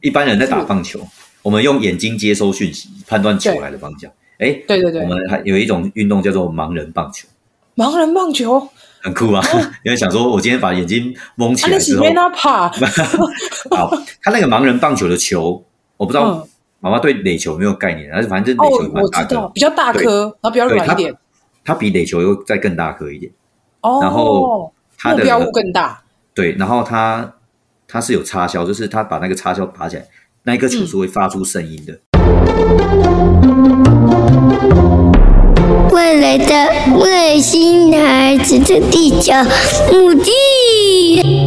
一般人在打棒球，我們用眼睛接收訊息，判斷球來的方向。哎，對對對，我們還有一種運動叫做盲人棒球。盲人棒球很酷啊！有人想說，我今天把眼睛蒙起來之後，是沒那麼怕。好，他那個盲人棒球的球，我不知道，媽媽對壘球沒有概念，但是反正壘球比較大顆，然後比較軟一點。他比壘球又再更大顆一點。然後他的目標物更大。對，然後他。它是有插銷，就是它把那個插銷拔起來，那一顆球是會發出聲音的。嗯、未來的外星孩子的地球母地。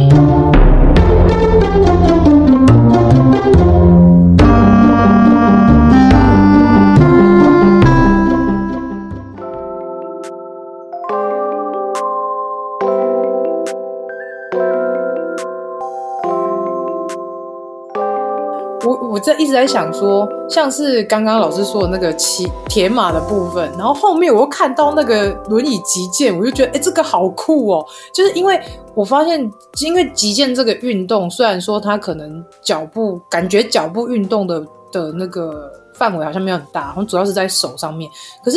我這一直在想說，像是剛剛老師說的那個騎鐵馬的部分，然後後面我又看到那個輪椅擊劍，我就覺得哎、欸，這個好酷哦、喔！就是因為我發現，因為擊劍這個運動，雖然說它可能腳步感覺腳步運動的的那個範圍好像沒有很大，然後主要是在手上面。可是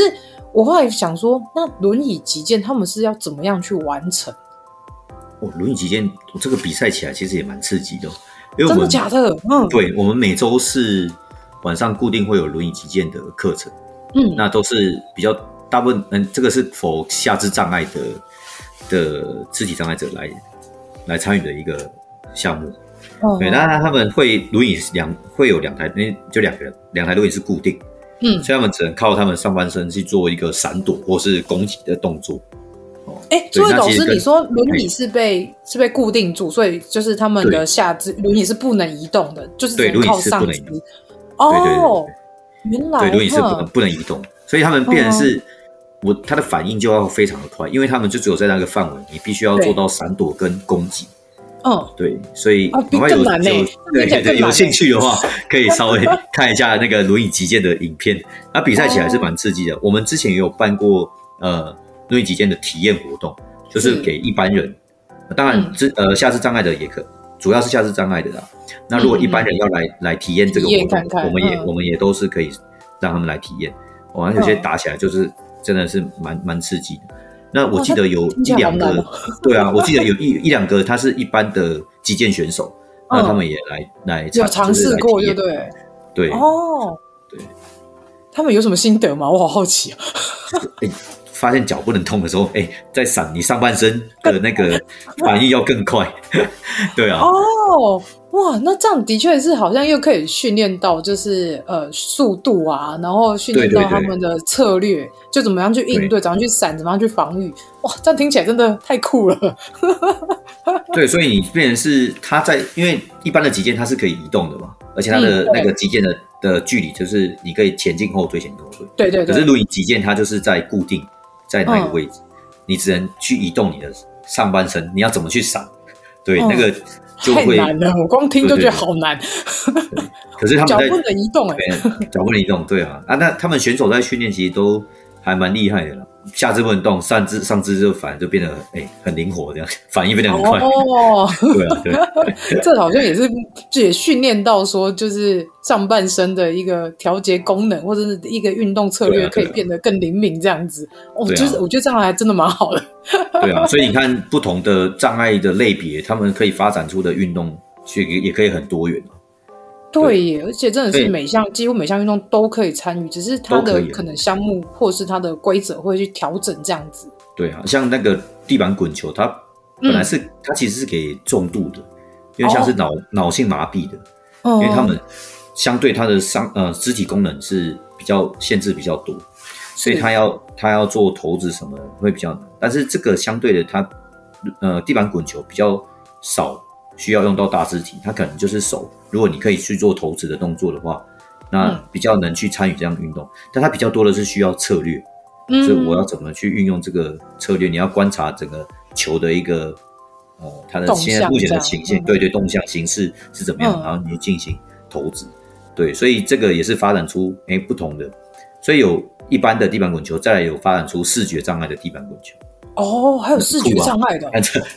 我後來想說，那輪椅擊劍他們是要怎麼樣去完成？哦，輪椅擊劍，這個比賽起來其實也蠻刺激的、哦。因為我們真的假的？嗯，對，我們每周四晚上固定會有輪椅擊劍的課程，嗯，那都是比較大部分，嗯，這個是否下肢障礙的的肢體障礙者來來參與的一個項目，嗯、對，那他們會輪椅兩會有兩台，就兩個人兩台輪椅是固定，嗯，所以他們只能靠他們上半身去做一個閃躲或是攻擊的動作。哎，這位老師，你說輪椅是被是被固定住，所以就是他們的下肢輪椅是不能移動的，就是靠上肢。哦，對對對，輪椅對輪椅是不能不能移動，所以他們變成是，我他的反應就要非常的快，因為他們就只有在那個範圍，你必須要做到閃躲跟攻擊。哦，對，所以如果有對對對有興趣的話，可以稍微看一下那個輪椅擊劍的影片，那比賽起來是蠻刺激的。我們之前也有辦過，呃。因為擊劍的體驗活動，就是給一般人，當然，這呃下肢障礙的也可，主要是下肢障礙的啦。那如果一般人要來來體驗這個活動，我們也我們也都是可以讓他們來體驗。哇，有些打起來就是真的是蠻蠻刺激的。那我記得有一兩個，對啊，我記得有一一兩個，他是一般的擊劍選手，那他們也來來嘗嘗試過，也對，對哦，對，他們有什麼心得嗎？我好好奇啊。發現腳不能動的時候，哎、欸，在閃你上半身的那個反應要更快， 對啊。哦，哇，那這樣的確是好像又可以訓練到，就是呃速度啊，然後訓練到他們的策略，對對對，就怎麼樣去應對，怎麼樣去閃，怎麼樣去防禦。對哇，這樣聽起來真的太酷了。 對，所以你變成是他在，因為一般的擊劍它是可以移動的嘛，而且它的那個擊劍的、嗯、的距離就是你可以前進後退，前進後退。對對。可是輪椅擊劍，它就是在固定，在那個位置，嗯、你只能去移動你的上半身。你要怎麼去閃？對，嗯、那個就會太難了，我光聽就覺得好難。對對對，可是他們在腳不能移動、欸，腳不能移動。對啊，啊，那他們選手在訓練其實都還蠻厲害的了。下肢不能動，上肢上肢就反而就變得誒、欸、很靈活這樣，反應變得很快。哦，oh. 對啊，對啊， 這好像也是也訓練到說，就是上半身的一個調節功能或者是一個運動策略，可以變得更靈敏這樣子。哦、啊，啊 oh, 就是我覺得這樣還真的蠻好的。 對啊，所以你看不同的障礙的類別，他們可以發展出的運動去也可以很多元。對耶，對而且真的是每項對幾乎每項運動都可以參與，只是它的可能項目或是它的規則會去調整這樣子。對啊，像那個地板滾球，它本來是、嗯、它其實是給重度的，因為像是腦、哦、腦性麻痹的，因為他們相對他的傷呃肢體功能是比較限制比較多，是所以他要他要做投擲什麼會比較難，但是這個相對的它呃地板滾球比較少。需要用到大肢體，它可能就是手。如果你可以去做投擲的動作的話，那比較能去參與這樣的運動。嗯、但它比較多的是需要策略，嗯、所以我要怎麼去運用這個策略？你要觀察整個球的一個呃它的現在目前的情形，對對、對，動向、形式是怎麼樣？嗯、然後你進行投擲。對，所以這個也是發展出誒、欸、不同的，所以有一般的地板滾球，再來有發展出視覺障礙的地板滾球。哦，還有視覺障礙的，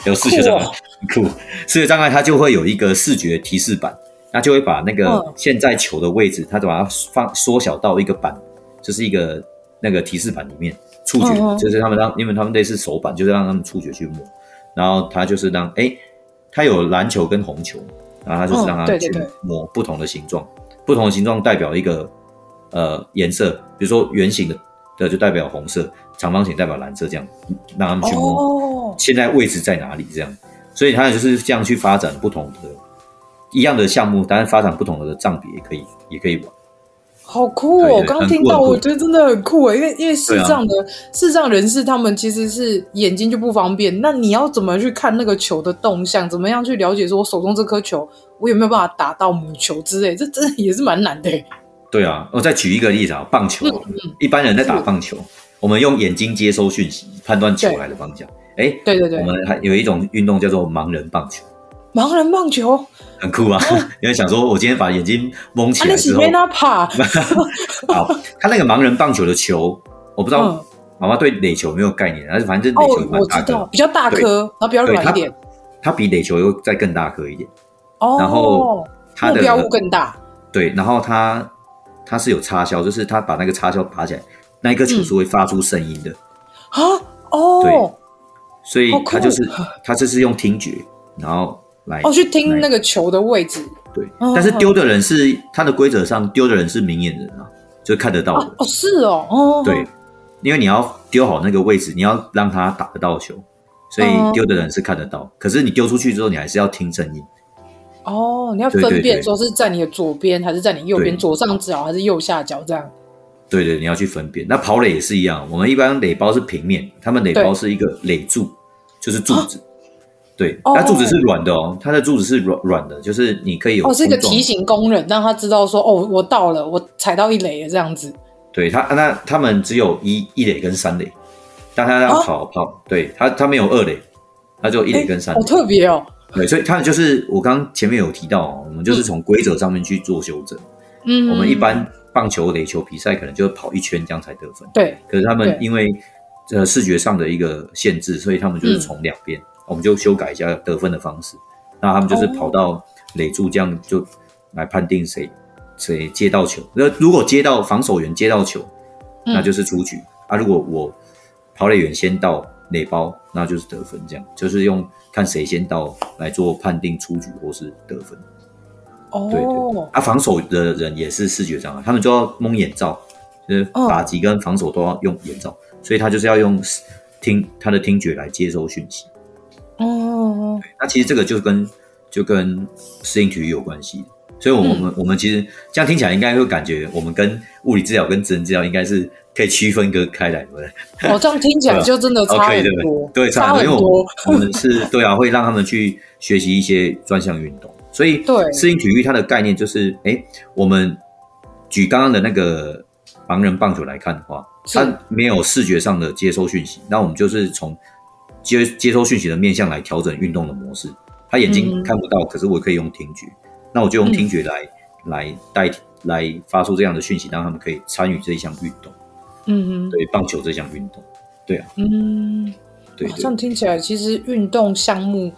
有視覺障礙，酷，哦、酷，視覺障礙它就會有一個視覺提示板，那就會把那個現在球的位置，嗯、它就把它放縮小到一個板，就是一個那個提示板裡面，觸覺、嗯，哦、就是他們讓，因為他們類似手板，就是讓他們觸覺去摸，然後他就是讓，哎、欸，他有藍球跟紅球，然後他就是讓他去摸不同的形狀，嗯、對對對，不同的形狀代表一個呃顏色，比如說圓形的，對，就代表紅色。長方形代表藍色，這樣讓他們去摸，現在位置在哪裡？這樣，Oh. 所以他也就是這樣去發展不同的，一樣的項目。當然，發展不同的占比也可以，也可以玩。好酷哦！剛剛聽到，我覺得真的很酷，酷因為因為視障的視障，啊、人士，他們其實是眼睛就不方便。那你要怎麼去看那個球的動向？怎麼樣去了解說，我手中這顆球，我有沒有辦法打到母球之類？這真的也是蠻難的。對啊，我再舉一個例子啊，棒球，嗯、一般人在打棒球。嗯我們用眼睛接收訊息，判斷球來的方向。哎，對對對，我們還有一種運動叫做盲人棒球。盲人棒球很酷啊！有人想說我今天把眼睛蒙起來之後，那沒那麼怕。好，他那個盲人棒球的球，我不知道，媽媽對壘球沒有概念，但是反正壘球我知道，比較大顆，然後比較軟一點。它比壘球又再更大顆一點。然後它的標物更大。對，然後它它是有插銷，就是它把那個插銷拔起來。那個球是會發出聲音的啊！哦、嗯，oh, 對，所以他就是酷他這是用聽覺，然後來哦，oh, 去聽那個球的位置。對，oh. 但是丟的人是他的規則上丟的人是明眼人啊，就看得到的。Oh. Oh, 是哦，哦、oh.，對，因為你要丟好那個位置，你要讓他打得到球，所以丟的人是看得到。Oh. 可是你丟出去之後，你還是要聽聲音。哦，oh, 你要分辨說是在你的左邊還是在你右邊，對左上角還是右下角這樣。對對，你要去分辨。那跑壘也是一樣，我們一般壘包是平面，他們壘包是一個壘柱，對就是柱子。啊、對，那、哦、柱子是軟的哦，它的柱子是軟軟的，就是你可以有。有、哦。我是一個提醒工人，讓他知道說，哦，我到了，我踩到一壘了這樣子。對他，那他們只有一一壘跟三壘，但他要跑、啊、跑，對他他沒有二壘，他就一壘跟三壘、欸。好特別哦。對，所以他就是我剛剛前面有提到、哦，我們就是從規則上面去做修正。嗯，我們一般。棒球壘球比賽可能就跑一圈，這樣才得分。對，可是他們因為對呃視覺上的一個限制，所以他們就是從兩邊，嗯、我們就修改一下得分的方式。嗯、那他們就是跑到壘柱，這樣就來判定誰誰接到球。那如果接到防守員接到球，那就是出局、嗯、啊。如果我跑壘員先到壘包，那就是得分。這樣就是用看誰先到來做判定出局或是得分。對，對對，啊，防守的人也是視覺障礙，他們就要蒙眼罩，就是打擊跟防守都要用眼罩，哦、所以他就是要用聽他的聽覺來接收訊息。哦哦哦，那其實這個就跟就跟適應體育有關係，所以我們、嗯、我們其實這樣聽起來應該會感覺我們跟物理治療跟職能治療應該是可以區分割開來的。哦，這樣聽起來就真的差很多，對差很多，因為我們我們是對啊， 會讓他們去學習一些專項運動。所以，適應對體育它的概念就是，哎，我們舉剛剛的那個盲人棒球來看的話，他是沒有視覺上的接收訊息，那我們就是從接接收訊息的面向來調整運動的模式。他眼睛看不到，嗯、可是我可以用聽覺，那我就用聽覺來、嗯、來代替來發出這樣的訊息，讓他們可以參與這項運動。嗯嗯哼，對，棒球這項運動，對啊，嗯，對，好像聽起來其實運動項目。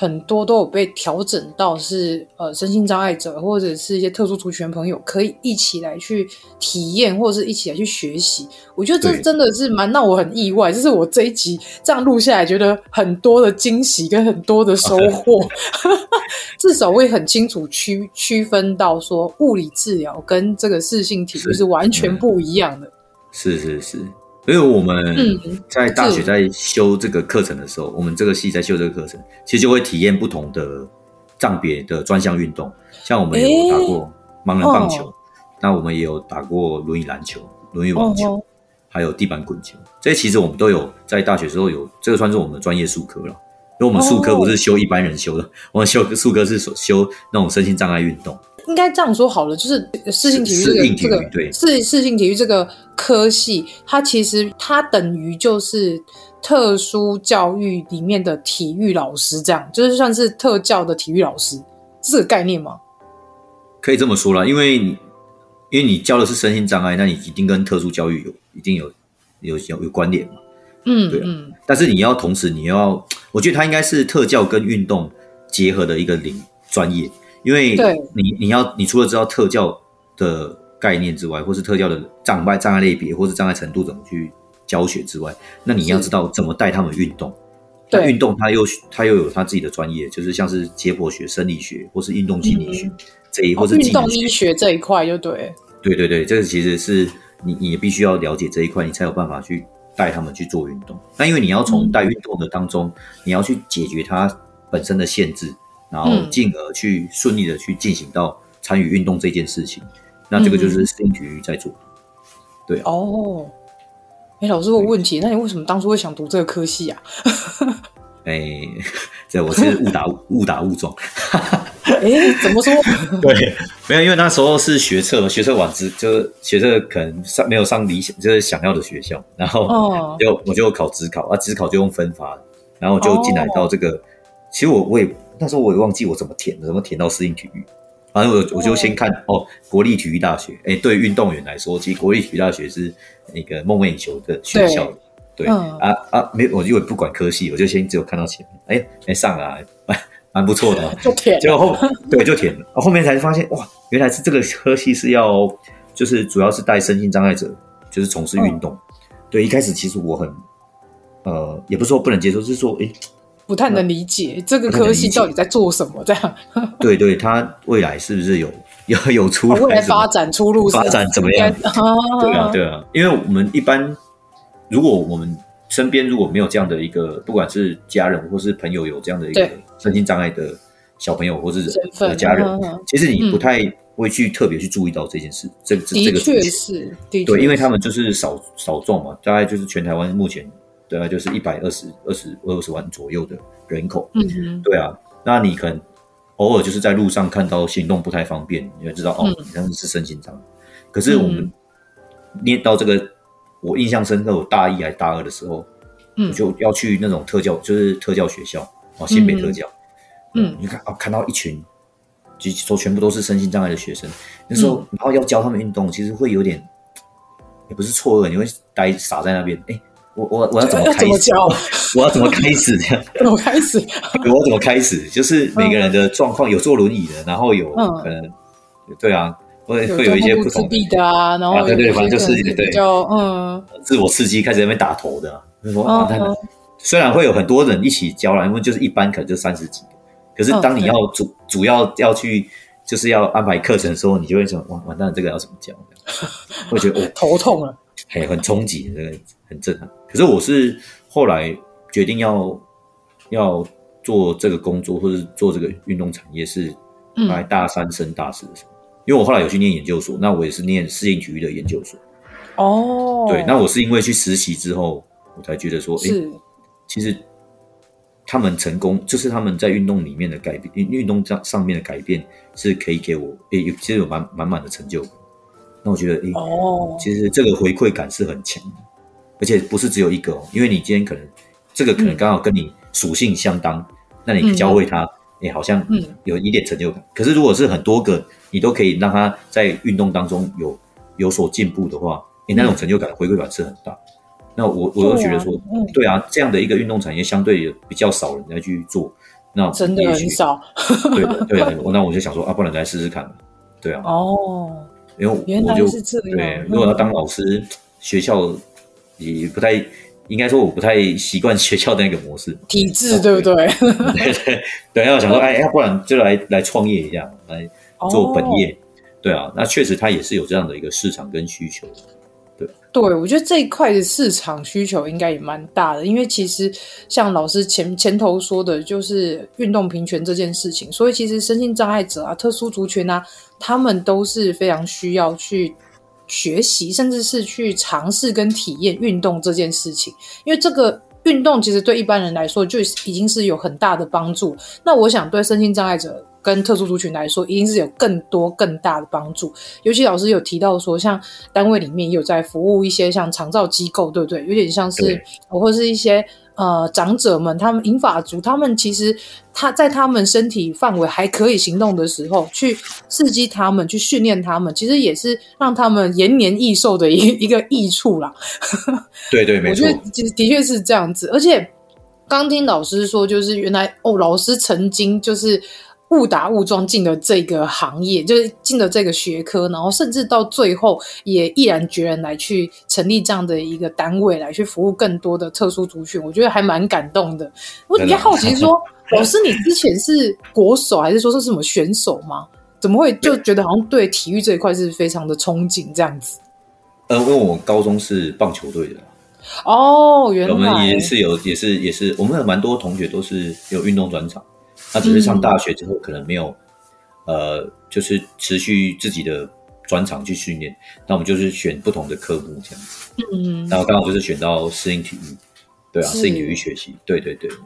很多都有被調整到是呃，身心障礙者或者是一些特殊族群朋友可以一起來去體驗，或者是一起來去學習。我覺得這真的是蠻讓我很意外，對這是我這一集這樣錄下來，覺得很多的驚喜跟很多的收穫。對 至少會很清楚區區分到說，物理治療跟這個適性體育是完全不一樣的。是是是。嗯是是是因為我們在大學在修這個課程的時候，嗯、我們這個系在修這個課程，其實就會體驗不同的障別的專項運動。像我們有打過盲人棒球，欸 oh. 那我們也有打過輪椅籃球、輪椅網球，oh. 還有地板滾球。這些其實我們都有在大學時候有，這個算是我們的專業術科了。因為我們術科不是修一般人修的，oh. 我們修術科是修那種身心障礙運動。應該這樣說好了，就是適性體育這個適，適性體育這個科系，它其實它等於就是特殊教育裡面的體育老師，這樣就是算是特教的體育老師這個概念嗎？可以這麼說啦，因為你因為你教的是身心障礙，那你一定跟特殊教育有一定有有有有關聯嘛。嗯，對啊。嗯、但是你要同時你要，我覺得它應該是特教跟運動結合的一個領專業。因為你對你要你除了知道特教的概念之外，或是特教的障礙障礙類別，或是障礙程度怎麼去教學之外，那你要知道怎麼帶他們運動。對，運動他又它又有他自己的專業，就是像是解剖學、生理學，或是運動心理學這一或是運動醫學這一塊就對。對對對，這個其實是你你必須要了解這一塊，你才有辦法去帶他們去做運動。那因為你要從帶運動的當中，嗯、你要去解決他本身的限制。然後進而去順利的去進行到參與運動這件事情，嗯、那這個就是適應體育在做，嗯、對、啊、哦。誒老師，我有問題對那你為什麼當初會想讀這個科系啊？誒、 欸、這我是誤打誤 誤打誤撞。 誒怎麼說？對，沒有，因為那時候是學測嘛，學測完之就是學測可能上沒有上理想就是想要的學校，然後就、哦、我就考指考，啊指考就用分發，然後就進來到這個。哦、其實我我也。那時候我也忘記我怎麼填的，怎麼填到適應體育。反、啊、正我我就先看哦，哦，國立體育大學。哎、欸，對運動員來說，其實國立體育大學是那個夢寐以求的學校。對，對嗯、啊啊，沒我因為不管科系，我就先只有看到前面，哎、欸，哎、欸，上了，啊，蠻不錯的。就填，結果後面對就填了， 後面才發現哇，原來是這個科系是要，就是主要是帶身心障礙者，就是從事運動。嗯、對，一開始其實我很，呃，也不是說不能接受，就是說哎。欸不太能理解這個科系到底在做什麼，這樣。對對，他未來是不是有要有出路？未來發展出路是發展怎麼樣？對啊對啊，因為我們一般，如果我們身邊如果沒有這樣的一個，不管是家人或是朋友有這樣的一個身心障礙的小朋友或是家人，其實你不太會去特別去注意到這件事。這個這個確實是，對，因為他們就是少少眾嘛，大概就是全台灣目前。對啊，就是一百二十二十二十萬左右的人口。就是、嗯哼，對啊，那你可能偶爾就是在路上看到行動不太方便，你就知道哦，嗯、你們是身心障礙。可是我們念到這個，我印象深刻，我大一還是大二的時候，嗯，我就要去那種特教，就是特教學校哦，新北特教。嗯，哼嗯，你看哦、啊，看到一群，就說全部都是身心障礙的學生，那時候、嗯、然後要教他們運動，其實會有點，也不是錯愕，你會呆傻在那邊，哎。我我我要怎麼開始？教？我要怎麼開始？這樣？怎麼開始？我怎麼開始？就是每個人的狀況，有坐輪椅的，然後有可能對啊，會會有一些不同的啊，對對，反正就是就嗯，自我刺激開始那邊打頭的，什麼啊？雖然會有很多人一起教了，因為就是一般可能就三十幾，可是當你要主主要要去就是要安排課程的時候，你就會說完完蛋，這個要怎麼教？會覺得頭痛了，很很衝擊，這個很震撼。可是我是後來決定要要做這個工作，或是做這個運動產業，是來大三升大四的時候。嗯、因為我後來有去念研究所，那我也是念適應體育的研究所。哦，對，那我是因為去實習之後，我才覺得說，哎是、欸，其實他們成功，就是他們在運動裡面的改變，運運動上上面的改變是可以給我，哎、欸，有其實有滿滿滿的成就感。那我覺得，欸、哦，其實這個回饋感是很強的。而且不是只有一個哦，因為你今天可能這個可能剛好跟你屬性相當，那你教會他，欸，好像有一點成就感。可是如果是很多個，你都可以讓他在運動當中有有所進步的話，欸那種成就感、回饋感是很大。那我我就覺得說，對啊，這樣的一個運動產業相對比較少人來去做，那真的很少。對的對的，那我就想說啊，不然來試試看了。對啊。哦。因為我就對，如果要當老師，學校。你不太應該說，我不太習慣學校的那個模式體制，嗯、對不對？對對，等一下我 想說， 哎，要不然就來來創業一下，來做本業，哦、對啊，那確實它也是有這樣的一個市場跟需求，對。對我覺得這一塊的市場需求應該也蠻大的，因為其實像老師前前頭說的，就是運動平權這件事情，所以其實身心障礙者啊、特殊族群啊，他們都是非常需要去。學習，甚至是去嘗試跟體驗運動這件事情，因為這個運動其實對一般人來說就已經是有很大的幫助。那我想對身心障礙者跟特殊族群來說，一定是有更多更大的幫助。尤其老師有提到說，像單位裡面有在服務一些像長照機構，對不對？有點像是對或是一些。呃，長者們，他們銀髮族，他們其實他在他們身體範圍還可以行動的時候，去刺激他們，去訓練他們，其實也是讓他們延年益壽的一一個益處啦。對,對對，沒錯，我覺得其實的確是這樣子。錯而且剛聽老師說，就是原來哦，老師曾經就是。誤打誤撞進了這個行業，就是進了這個學科，然後甚至到最後也毅然決然來去成立這樣的一個單位來去服務更多的特殊族群，我覺得還蠻感動的。我比較好奇說，說、嗯、老師，你之前是國手，還是說是什麼選手嗎？怎麼會就覺得好像對體育這一塊是非常的憧憬這樣子？呃、嗯，因為我們高中是棒球隊的。哦，原來。我們也是有，也是也是，我們有蠻多同學都是有運動專長。那只是上大學之後，可能沒有，嗯、呃，就是持續自己的專長去訓練。那我們就是選不同的科目這樣。嗯，那我剛好就是選到適應體育，對啊，是適應體育學系，對對對。誒，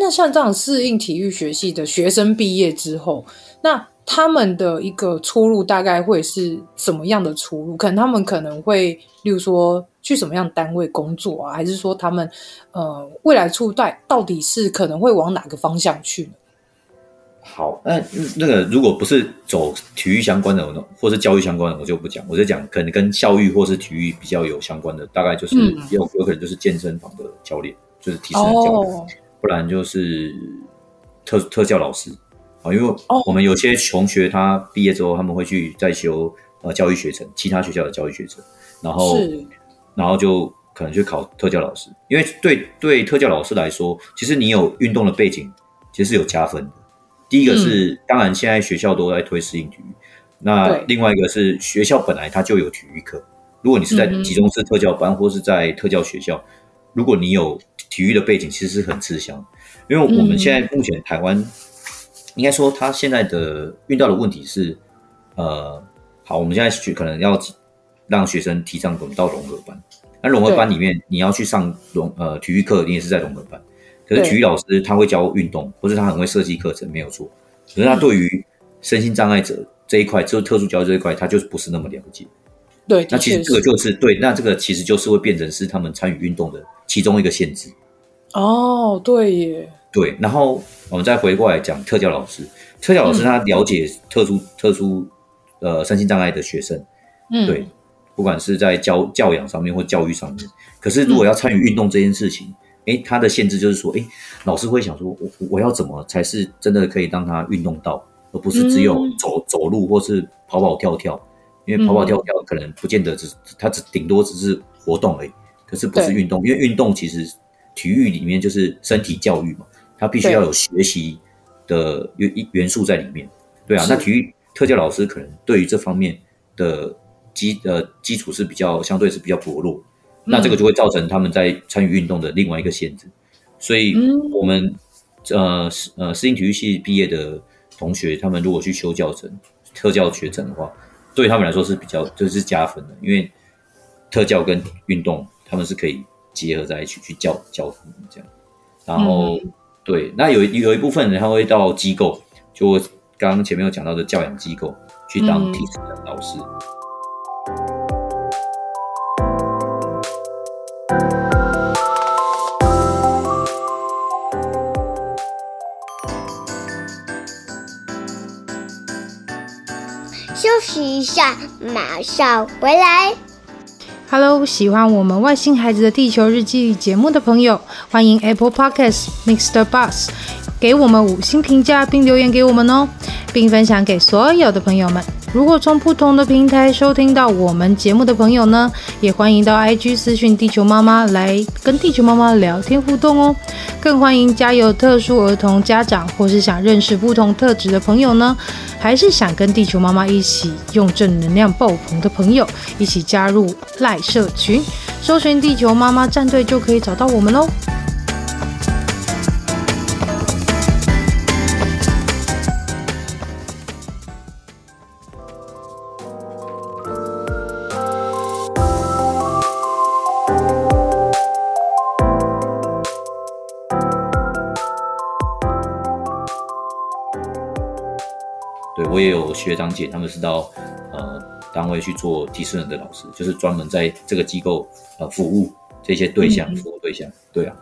那像這樣適應體育學系的學生畢業之後，那他們的一個出路大概會是什麼樣的出路？可能他們可能會，例如說去什麼樣的單位工作啊？還是說他們呃未來出路到底是可能會往哪個方向去呢？好，那那個如果不是走體育相關的，或者教育相關的，我就不講。我就講可能跟教育或是體育比較有相關的，大概就是有有可能就是健身房的教練，嗯、就是體適能教練，哦、不然就是特特教老師啊。因為我們有些同學他畢業之後，他們會去再修呃教育學程，其他學校的教育學程，然後是然後就可能去考特教老師。因為對對特教老師來說，其實你有運動的背景，其實是有加分的。第一個是，嗯、當然現在學校都在推適應體育。嗯、那另外一個是對學校本來它就有體育課。如果你是在集中式特教班，嗯、哼或是在特教學校，如果你有體育的背景，其實是很吃香。因為我們現在目前台灣，嗯、應該說它現在的遇到的問題是，呃，好，我們現在去可能要讓學生提倡我們到融合班。那融合班裡面對你要去上融呃體育課，你也是在融合班。可是體育老師他會教運動，對或者他很會設計課程，沒有錯。可是他對於身心障礙者這一塊，就、嗯、特殊教育這一塊，他就是不是那麼了解。對，那其實這個就是對，是那這個其實就是會變成是他們參與運動的其中一個限制。哦，對耶，對。然後我們再回過來講特教老師，特教老師他了解特殊、嗯、特殊呃身心障礙的學生，嗯，對。不管是在教教養上面或教育上面，可是如果要參與運動這件事情。嗯誒，他的限制就是說，誒，老師會想說，我我要怎麼才是真的可以讓他運動到，而不是只有走、嗯、走路或是跑跑跳跳，因為跑跑跳跳可能不見得只是，嗯、他只頂多只是活動而已，可是不是運動，對因為運動其實體育裡面就是身體教育嘛，他必須要有學習的元元素在裡面，對，對啊，是那體育特教老師可能對於這方面的基呃基礎是比較相對是比較薄弱的。那這個就會造成他們在參與運動的另外一個限制，嗯、所以我們呃、嗯、呃，適、呃、應體育系畢業的同學，他們如果去修教程、特教學程的話，對他們來說是比較這、就是加分的，因為特教跟運動他們是可以結合在一起去，去教教他們這樣。然後、嗯、對，那有一有一部分人他會到機構，就剛剛前面有講到的教養機構去當體 e 的老師。嗯試一下，馬上回來。Hello，喜歡我們《外星孩子的地球日記》節目的朋友，歡迎 Apple Podcasts MixerBox 給我們五星評價，並留言給我們哦，並分享給所有的朋友們。如果從不同的平台收聽到我們節目的朋友呢，也歡迎到 IG 私訊地球媽媽來跟地球媽媽聊天互動哦。更歡迎家有特殊兒童家長，或是想認識不同特質的朋友呢，還是想跟地球媽媽一起用正能量爆棚的朋友，一起加入賴社群，搜尋“地球媽媽戰隊”就可以找到我們嘍、哦。學長姐他們是到呃單位去做體適能的老師，就是專門在這個機構呃服務這些對象，服務、嗯嗯、對象，對啊，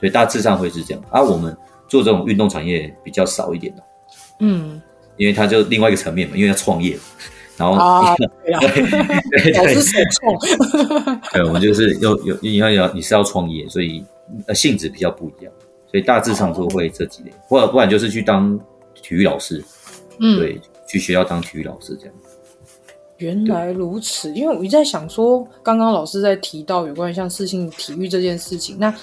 對，大致上會是這樣啊。我們做這種運動產業比較少一點的，嗯，因為它就另外一個層面嘛，因為要創業，然後，啊、對對、啊、 對，對對老師是對， 對，我們就是要有，因為要你是要創業，所以、呃、性質比較不一樣，所以大致上說會這幾類，或好不然就是去當體育老師，嗯，對。去學校當體育老師這樣子，原來如此。因為我一直在想說，剛剛老師在提到有關於像適性體育這件事情，那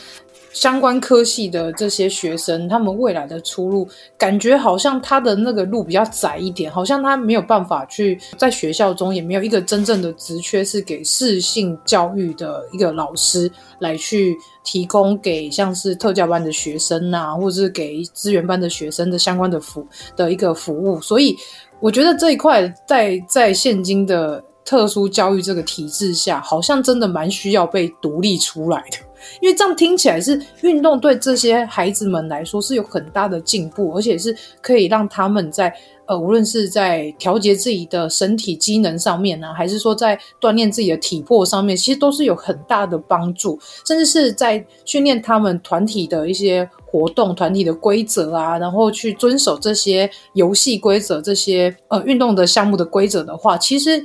相關科系的這些學生，他們未來的出路，感覺好像他的那個路比較窄一點，好像他沒有辦法去在學校中，也沒有一個真正的職缺是給適性教育的一個老師來去提供給像是特教班的學生吶、啊，或者是給資源班的學生的相關的服的一個服務，所以。我覺得這一塊在在現今的特殊教育這個體制下，好像真的蠻需要被獨立出來的，因為這樣聽起來是運動對這些孩子們來說是有很大的進步，而且是可以讓他們在呃，無論是在調節自己的身體機能上面呢，還是說在鍛鍊自己的體魄上面，其實都是有很大的幫助，甚至是在訓練他們團體的一些。活動團體的規則啊，然後去遵守這些遊戲規則、這些呃運動的項目的規則的話，其實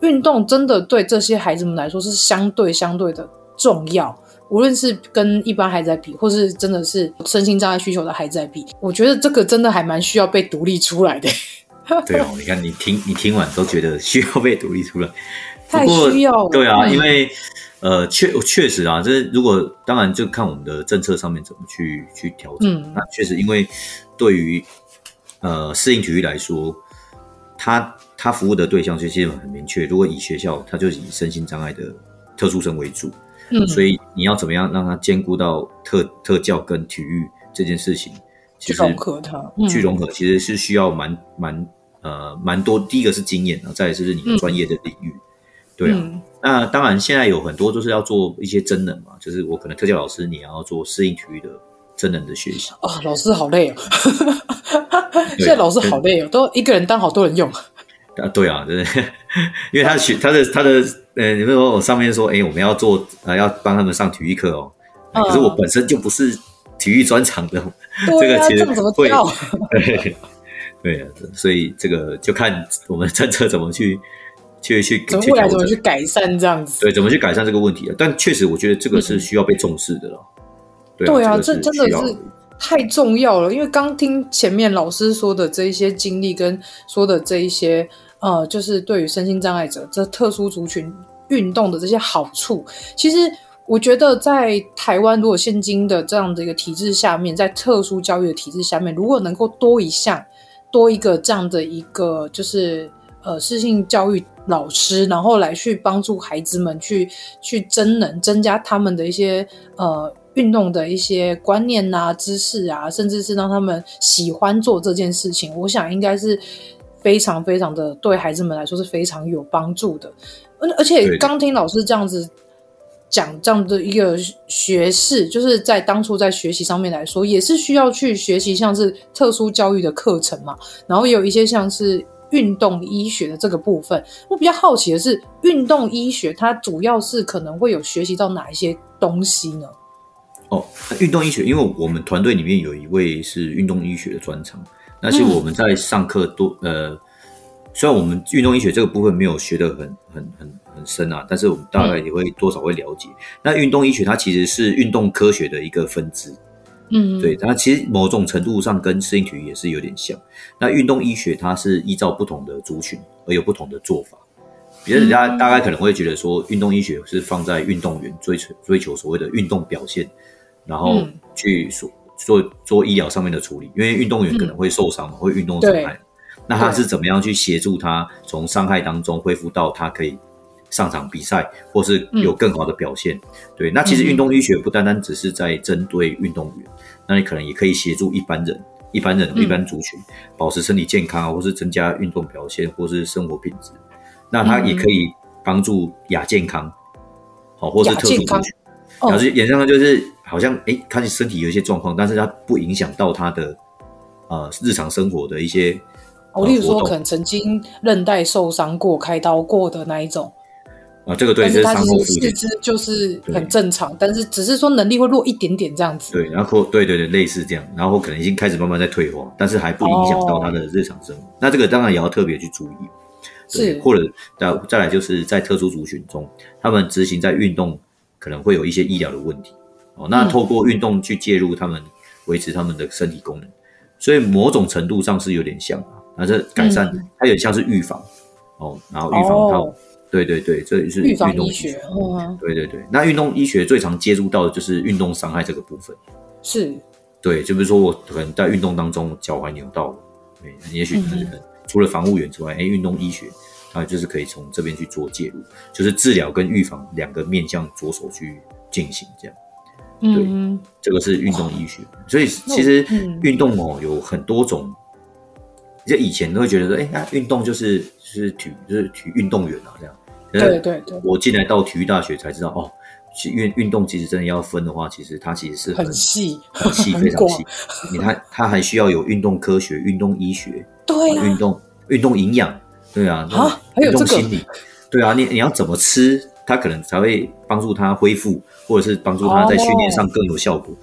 運動真的對這些孩子們來說是相對相對的重要。無論是跟一般孩子在比，或是真的是身心障礙需求的孩子在比，我覺得這個真的還蠻需要被獨立出來的。 對啊、哦，你看你聽你聽完都覺得需要被獨立出來。太需要不過，對啊，哎、呀因為呃，確確實啊,這如果當然就看我們的政策上面怎麼去去調整。嗯、那確實，因為對於呃適應體育來說，他他服務的對象其實很明確。如果以學校，他就是以身心障礙的特殊生為主，嗯，所以你要怎麼樣讓他兼顧到特特教跟體育這件事情，其實融、嗯、去融合，其實是需要蠻蠻呃蠻多。第一個是經驗啊，然後再來就是你的專業的領域。嗯對啊，那、嗯啊、當然，現在有很多就是要做一些真人嘛，就是我可能特教老師，你要做適應體育的真人的學習啊、哦。老師好累哦。 啊、現在老師好累哦，啊、都一個人當好多人用。對啊，對啊，真的、啊。因為他學他的他的呃，你們說我上面說，誒，我們要做呃，要幫他們上體育課哦。嗯、可是我本身就不是體育專長的，對啊、這個其實這怎麼會對、啊，對啊，所以這個就看我們政策怎麼去。去去怎麼未來怎麼去改善這樣子？對，怎麼去改善這個問題啊？但確實，我覺得這個是需要被重視的。嗯，對啊，這，這真的是太重要了。因為剛聽前面老師說的這一些經歷，跟說的這一些，呃，就是對於身心障礙者這特殊族群運動的這些好處，其實我覺得在台灣，如果現今的這樣的一個體制下面，在特殊教育的體制下面，如果能夠多一項、多一個這樣的一個，就是呃，適性教育。老師，然後來去幫助孩子們去去增能，增加他們的一些呃運動的一些觀念啊、知識啊，甚至是讓他們喜歡做這件事情。我想應該是非常非常的對孩子們來說是非常有幫助的。而且剛聽老師這樣子講這樣的一個學士，就是在當初在學習上面來說，也是需要去學習像是特殊教育的課程嘛，然後也有一些像是。運動醫學的這個部分，我比較好奇的是，運動醫學它主要是可能會有學習到哪一些東西呢？哦，運動醫學，因為我們團隊裡面有一位是運動醫學的專長，那其實我們在上課多、嗯、呃，雖然我們運動醫學這個部分沒有學得很很很很深啊，但是我們大概也會多少會了解。嗯、那運動醫學它其實是運動科學的一個分支。嗯，嗯，對，他其實某種程度上跟適應體育也是有點像。那運動醫學它是依照不同的族群，而有不同的做法。比如人家大概可能會覺得說，運動醫學是放在運動員追求追求所謂的運動表現，然後去所做做醫療上面的處理，因為運動員可能會受傷，嗯、會運動傷害。對 那他是怎麼樣去協助他從傷害當中恢復到他可以？上場比賽，或是有更好的表現，嗯、對。那其實運動醫學不單單只是在針對運動員，嗯嗯，那你可能也可以協助一般人、一般人、嗯、一般族群保持身體健康，或是增加運動表現，或是生活品質。那它也可以幫助亞健康，好、嗯嗯、哦，或是特殊，亞健康就是好像誒、欸，他的身體有一些狀況，但是他不影響到他的呃日常生活的一些。我、呃、例如說，動可能曾經韌帶受傷過、開刀過的那一種。啊、哦，這個對，就是上肢其實就是很正常，對但是只是說能力會弱一點點這樣子。對，然後對對對，類似這樣，然後可能已經開始慢慢在退化，但是還不影響到他的日常生活。哦、那這個當然也要特別去注意。是，或者再再來就是在特殊族群中，他們執行在運動可能會有一些醫療的問題哦。那透過運動去介入他們維持他們的身體功能，嗯、所以某種程度上是有點像，那這改善、嗯、它有點像是預防哦，然後預防它、哦。對對對，這也是運動醫學。醫學，對對對，哇那運動醫學最常接觸到的就是運動傷害這個部分。是。對，就比如說我可能在運動當中腳踝扭到了，對，也許除了防護員之外，哎、嗯哼，運、欸、動醫學他就是可以從這邊去做介入，就是治療跟預防兩個面向着手去進行這樣。嗯。對，嗯、哼這個是運動醫學，哇所以其實運動哦、喔嗯、有很多種，就以前都會覺得說，哎、欸，那、啊、運動就是就是體就是體運動員啊這樣。對對對，我進來到體育大學才知道哦，運運動其實真的要分的話，其實它其實是很細、很細、很細，非常細。你看光，它還需要有運動科學、運動醫學，對啊，啊，運動、運動營養，對啊，啊，運動心理，這個、對啊，你你要怎麼吃，它可能才會幫助它恢復，或者是幫助它在訓練上更有效果。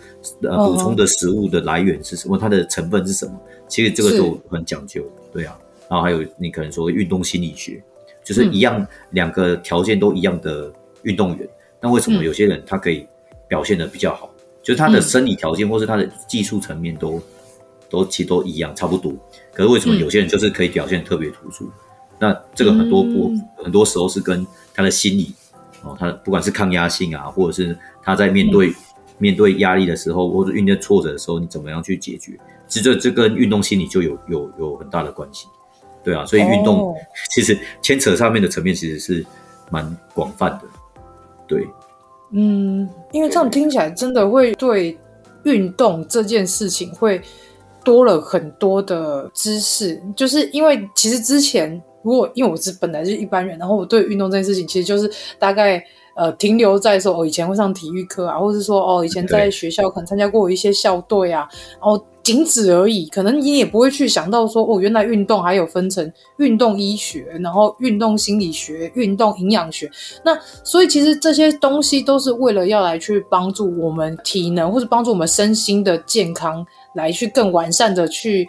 哦、呃，補充的食物的來源是什麼？它的成分是什麼？其實這個都很講究，是對啊。然後還有你可能說運動心理學。就是一樣，兩、嗯、個條件都一樣的運動員，那、嗯、為什麼有些人他可以表現的比較好？嗯、就是他的生理條件，或是他的技術層面都、嗯、都其實都一樣差不多。可是為什麼有些人就是可以表現得特別突出？嗯、那這個很多不、嗯、很多時候是跟他的心理哦，他不管是抗壓性啊，或者是他在面對、嗯、面對壓力的時候，或者遇見挫折的時候，你怎麼樣去解決？其實這這跟運動心理就有有有很大的關係。對啊，所以運動其實牽扯上面的層面其實是蠻廣泛的，對，嗯，因為這樣聽起來真的會對運動這件事情會多了很多的知識，就是因為其實之前如果因為我是本來就一般人，然後我對運動這件事情其實就是大概。呃，停留在說哦，以前會上體育課啊，或是說哦，以前在學校對可能參加過一些校隊啊，然後僅此而已。可能你也不會去想到說哦，原來運動還有分成運動醫學，然後運動心理學、運動營養學。那所以其實這些東西都是為了要來去幫助我們體能，或是幫助我們身心的健康，來去更完善的去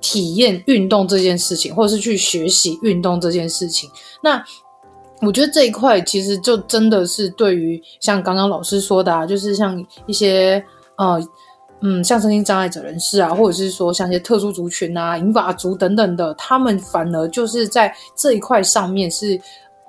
體驗運動這件事情，或者是去學習運動這件事情。那。我覺得這一塊其實就真的是對於像剛剛老師說的，啊，就是像一些呃，嗯，像身心障礙者人士啊，或者是說像一些特殊族群啊，銀髮族等等的，他們反而就是在這一塊上面是，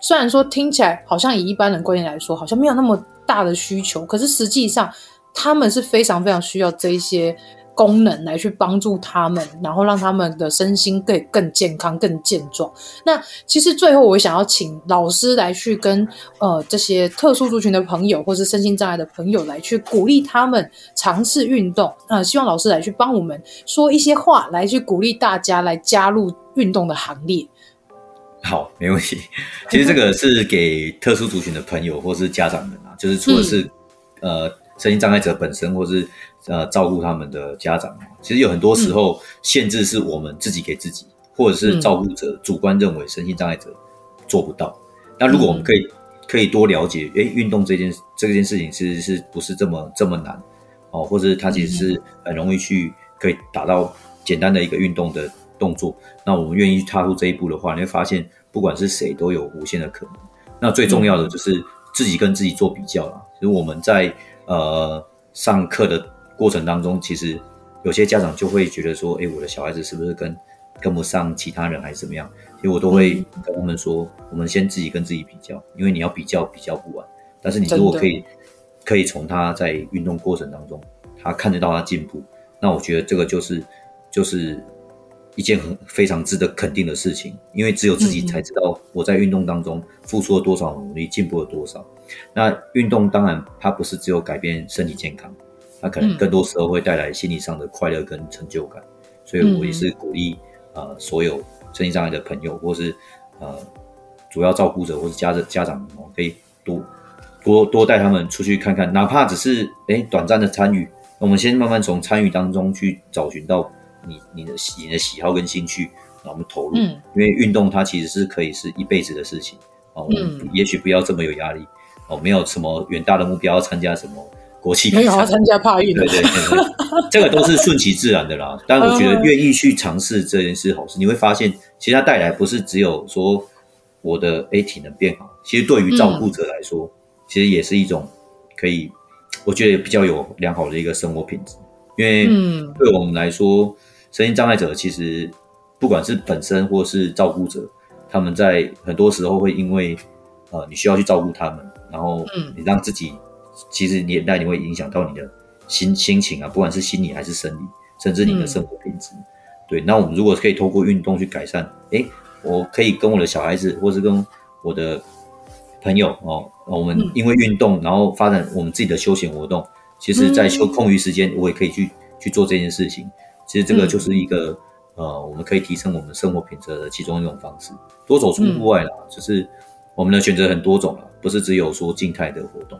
雖然說聽起來好像以一般人觀念來說，好像沒有那麼大的需求，可是實際上他們是非常非常需要這一些。功能來去幫助他們，然後讓他們的身心更更健康、更健壯。那其實最後我想要請老師來去跟呃這些特殊族群的朋友，或是身心障礙的朋友來去鼓勵他們嘗試運動。那、呃、希望老師來去幫我們說一些話，來去鼓勵大家來加入運動的行列。好，沒問題。其實這個是給特殊族群的朋友或是家長們啊，就是除了是、嗯、呃身心障礙者本身，或是。呃，照顧他們的家長其實有很多時候限制是我們自己給自己，嗯、或者是照顧者、嗯、主觀認為身心障礙者做不到。那如果我們可以、嗯、可以多了解，哎，運動這件這件事情是是不是這麼這麼難哦，或者是他其實是很容易去可以達到簡單的一個運動的動作。嗯、那我們願意踏出這一步的話，你會發現不管是誰都有無限的可能。那最重要的就是自己跟自己做比較了。所以，嗯、我們在呃上課的。過程當中，其實有些家長就會覺得說：“誒、欸，我的小孩子是不是跟跟不上其他人還是怎麼樣？”所以我都會跟他們說：“嗯、我們先自己跟自己比較，因為你要比較比較不完。但是你如果可以，可以從他在運動過程當中，他看得到他進步，那我覺得這個就是就是一件很非常值得肯定的事情。因為只有自己才知道我在運動當中付出了多少努力，進步了多少。那運動當然它不是只有改變身體健康。”那可能更多時候會帶來心理上的快樂跟成就感。嗯，所以我也是鼓勵啊、呃、所有身心障礙的朋友，或是呃主要照顧者或是家的家長，可以多多多帶他們出去看看，哪怕只是誒、欸、短暫的參與，那我們先慢慢從參與當中去找尋到你你的你的喜好跟興趣，然後我們投入，嗯、因為運動它其實是可以是一輩子的事情啊，哦、我們也許不要這麼有壓力、嗯、哦，沒有什麼遠大的目標要參加什麼。國沒有參加帕運，對對，對， 這個都是順其自然的啦。但我覺得願意去嘗試這件事好事，你會發現，其實它帶來不是只有說我的 A、欸、體能變好，其實對於照顧者來說，嗯、其實也是一種可以，我覺得比較有良好的一個生活品質。因為對我們來說，身心障礙者其實不管是本身或是照顧者，他們在很多時候會因為呃你需要去照顧他們，然後你讓自己。其實，年代你會影響到你的心心情啊，不管是心理還是生理，甚至你的生活品質。嗯、對，那我們如果可以透過運動去改善，誒，我可以跟我的小孩子，或是跟我的朋友哦，我們因為運動，嗯、然後發展我們自己的休閒活動。其實，在休空餘時間，我也可以去、嗯、去做這件事情。其實，這個就是一個、嗯、呃，我們可以提升我們生活品質的其中一種方式。多走出戶外啦，嗯、就是我們的選擇很多種了，不是只有說靜態的活動。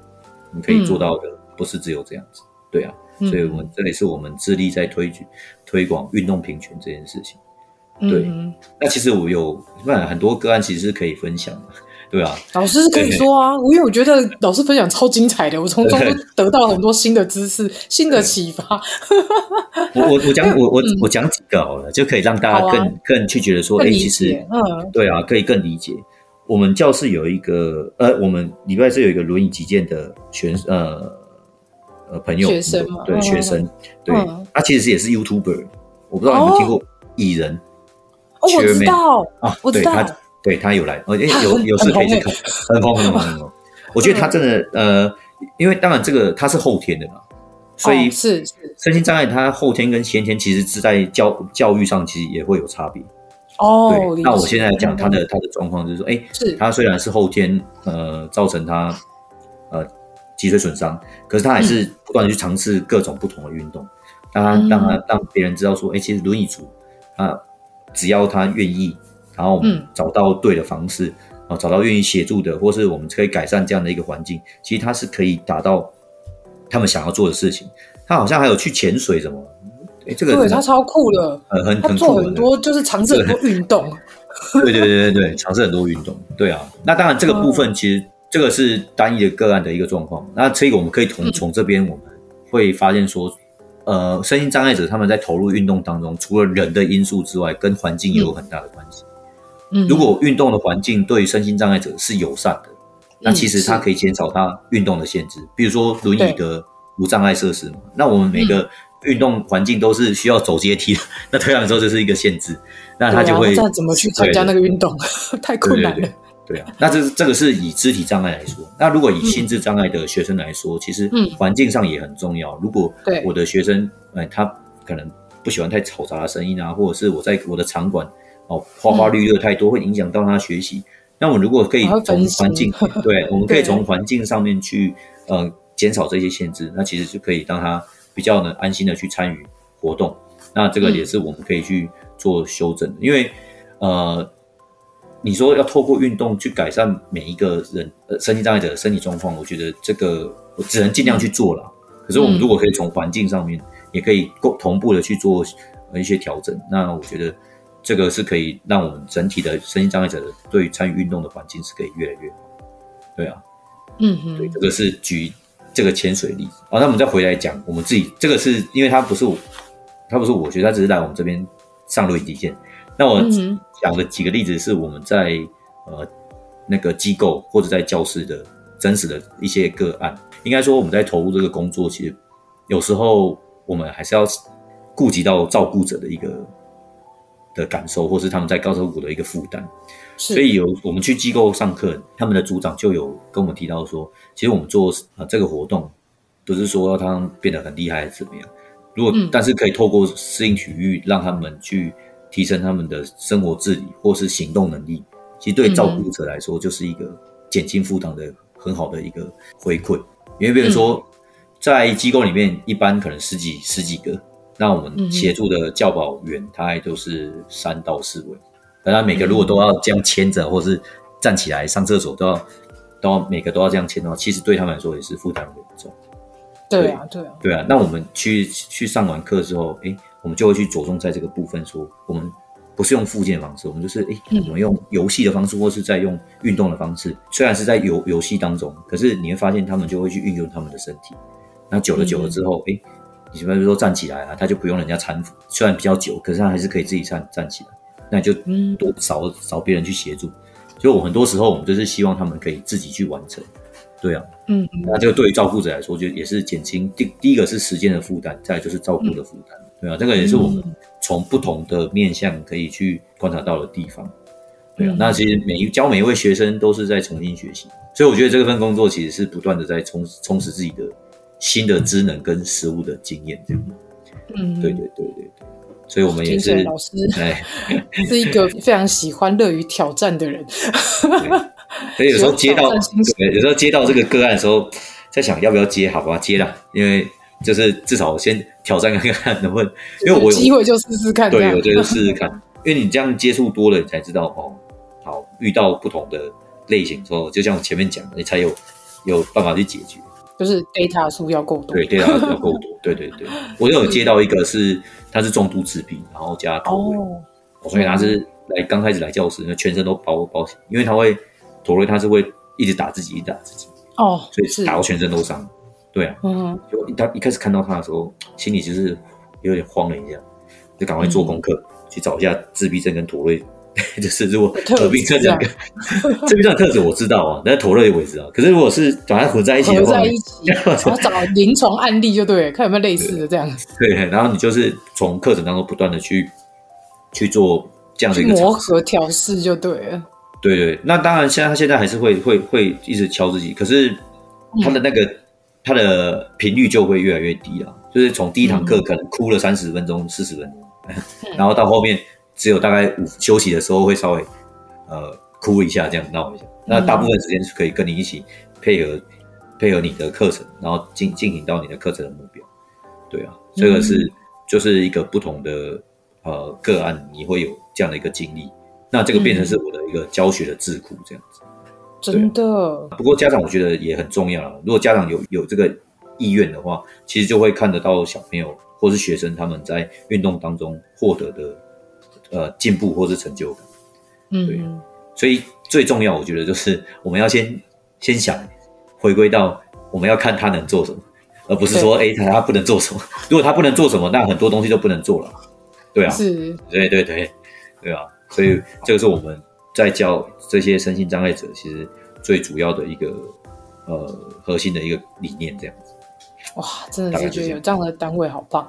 你可以做到的，不是只有這樣子，對啊，所以我們這裡是我們致力在推舉、推廣運動平權這件事情，對。那其實我有，那很多個案其實是可以分享的，對啊。老師是可以說啊，因為我覺得老師分享超精彩的，我從中得到了很多新的知識、新的啟發。我我我講我我我講幾個好了，就可以讓大家更更去覺得說，哎，其實，嗯，對啊，可以更理解。我們教室有一個呃，我們禮拜四有一個輪椅擊劍的學呃呃朋友學生嘛對，學生，對，他其實也是 YouTuber，我不知道你有沒有聽過椅人 Chairman，哦，我知道啊，我知道，對，他，對，他有來，而有有事可以去看，很豐富，很豐富我覺得他真的呃，因為當然這個他是後天的嘛，所以是是，身心障礙他後天跟先天其實是在教教育上其實也會有差別。哦，那我現在講他的白他的狀況就是說，哎是，是，他雖然是後天呃造成他呃脊髓損傷，可是他還是不斷去嘗試各種不同的運動，嗯、讓他讓他讓別人知道說，哎，其實輪椅族啊、呃，只要他願意，然後找到對的方式啊，嗯、找到願意協助的，或是我們可以改善這樣的一個環境，其實他是可以達到他們想要做的事情。他好像還有去潛水，什麼？對，他超酷的，很很很酷，他做很多，就是嘗試很多運動。對對對對對，嘗試很多運動，對啊。那當然，這個部分其實這個是單一的個案的一個狀況。那這個我們可以從從這邊我們會發現說，呃，身心障礙者他們在投入運動當中，除了人的因素之外，跟環境也有很大的關係。嗯，如果運動的環境對於身心障礙者是友善的，那其實他可以減少他運動的限制。比如說輪椅的無障礙設施嘛，那我們每個。運動環境都是需要走階梯的，那退讓的時候就是一個限制，那他就會、啊、怎麼去參加那個運動？對對對對 太困難了對對對對。對啊，那這這個是以肢體障礙來說，那如果以心智障礙的學生來說，嗯、其實環境上也很重要。如果我的學生、嗯呃、他可能不喜歡太嘈雜的聲音啊，或者是我在我的場館哦，花花綠綠太多，嗯、會影響到他學習。那我們如果可以從環境對，我們可以從環境上面去呃減少這些限制，那其實就可以讓他。比較能安心的去參與活動，那這個也是我們可以去做修正的。嗯、因為，呃，你說要透過運動去改善每一個人呃，身心障礙者的身體狀況，我覺得這個我只能盡量去做了。可是我們如果可以從環境上面，也可以共同步的去做一些調整，嗯、那我覺得這個是可以讓我們整體的身心障礙者對參與運動的環境是可以越來越對啊，嗯嗯哼，對，這個是舉。這個潛水力，例子哦，那我們再回來講，我們自己這個是因為他不是我，他不是我學，他只是來我們這邊上錄音底線。那我講的幾個例子是我們在嗯嗯呃那個機構或者在教室的真實的一些個案。應該說我們在投入這個工作，其實有時候我們還是要顧及到照顧者的一個。的感受，或是他們在高收股的一個負擔，是所以有我們去機構上課，他們的組長就有跟我們提到說，其實我們做啊這個活動，不、就是說他們變得很厲害怎麼樣，如果、嗯、但是可以透過適應體育，讓他們去提升他們的生活自理或是行動能力，其實對照顧者來說、嗯、就是一個減輕負擔的很好的一個回饋，因為比如說、嗯、在機構裡面，一般可能十幾十幾個。那我們協助的教保員大概都是三到四位，當然、嗯、哼每個如果都要這樣牽着，嗯、哼或是站起來上廁所都要都要每個都要這樣牽着的話，其實對他們來說也是負擔很重。對啊，對啊，對啊。那我們去去上完課之後，哎，我們就會去着重在這個部分說，我們不是用復健的方式，我們就是哎，我們用遊戲的方式，嗯、或是在用運動的方式。雖然是在遊遊戲當中，可是你會發現他們就會去運用他們的身體。那久了久了之後，哎、嗯。誒你比如說站起來啊，他就不用人家攙扶，雖然比較久，可是他還是可以自己站站起來，那你就多少少別人去協助。嗯、所以，我很多時候我們就是希望他們可以自己去完成，對啊，嗯。那這個對於照顧者來說，就也是減輕第第一個是時間的負擔，再來就是照顧的負擔，嗯、對啊，這個也是我們從不同的面向可以去觀察到的地方，對啊。嗯、對啊，那其實每一教每一位學生都是在重新學習，所以我覺得這份工作其實是不斷的在充充實自己的。新的知能跟實務的經驗，這樣，嗯，對對對對，所以我們也是，老師，哎，是一個非常喜歡樂於挑戰的人，對 所以有時候接到，對，有時候接到這個個案的時候，在想要不要接，好不好接了，因為就是至少我先挑戰看看，能不能，因為我有，有機會就試試看，對，我就試試看， 因為你這樣接觸多了，你才知道哦，好，遇到不同的類型之後，就像我前面講的，你才有有辦法去解決。就是 data 數要夠多、啊、多，對 data 數要夠多，對對對。我有接到一個是，他是重度自閉，然後加妥瑞，哦、所以所以他是來剛開始來教室，那全身都包包起來，因為他會妥瑞，他是會一直打自己，一直打自己，哦，是所以打到全身都傷。對啊，嗯哼，就一他一開始看到他的時候，心裡就是有點慌了一下，就趕快做功課、嗯、去找一下自閉症跟妥瑞。 就是如果，特質這樣，這邊講特質 我知道啊，那妥瑞我也知道。可是如果是把它混在一起的話，我 找臨床案例就對了，看有沒有類似的這樣子。對，然後你就是從課程當中不斷的去去做這樣的一個合去磨合調試，就對了。對對，那當然，現在他現在還是會會會一直敲自己，可是他的那個他、嗯、的頻率就會越來越低啊，就是從第一堂課可能哭了三十分鐘、四十、嗯、分鐘，然後到後面。嗯只有大概午休息的時候會稍微，呃，哭一下這樣鬧一下，那大部分時間是可以跟你一起配合、嗯、配合你的課程，然後進進行到你的課程的目標。對啊，這個是、嗯、就是一個不同的呃個案，你會有這樣的一個經歷，那這個變成是我的一個教學的智庫這樣子。嗯啊、真的。不過家長我覺得也很重要，如果家長有有這個意願的話，其實就會看得到小朋友或是學生他們在運動當中獲得的。呃，進步或是成就感，嗯，對，嗯、哼所以最重要，我覺得就是我們要先先想回歸到我們要看他能做什麼，而不是說哎對、欸，他他不能做什麼。 如果他不能做什麼，那很多東西都不能做了，對啊，是，對對對，對啊，所以這個是我們在教這些身心障礙者其實最主要的一個呃核心的一個理念，這樣哇，真的是覺得有這樣的單位好棒！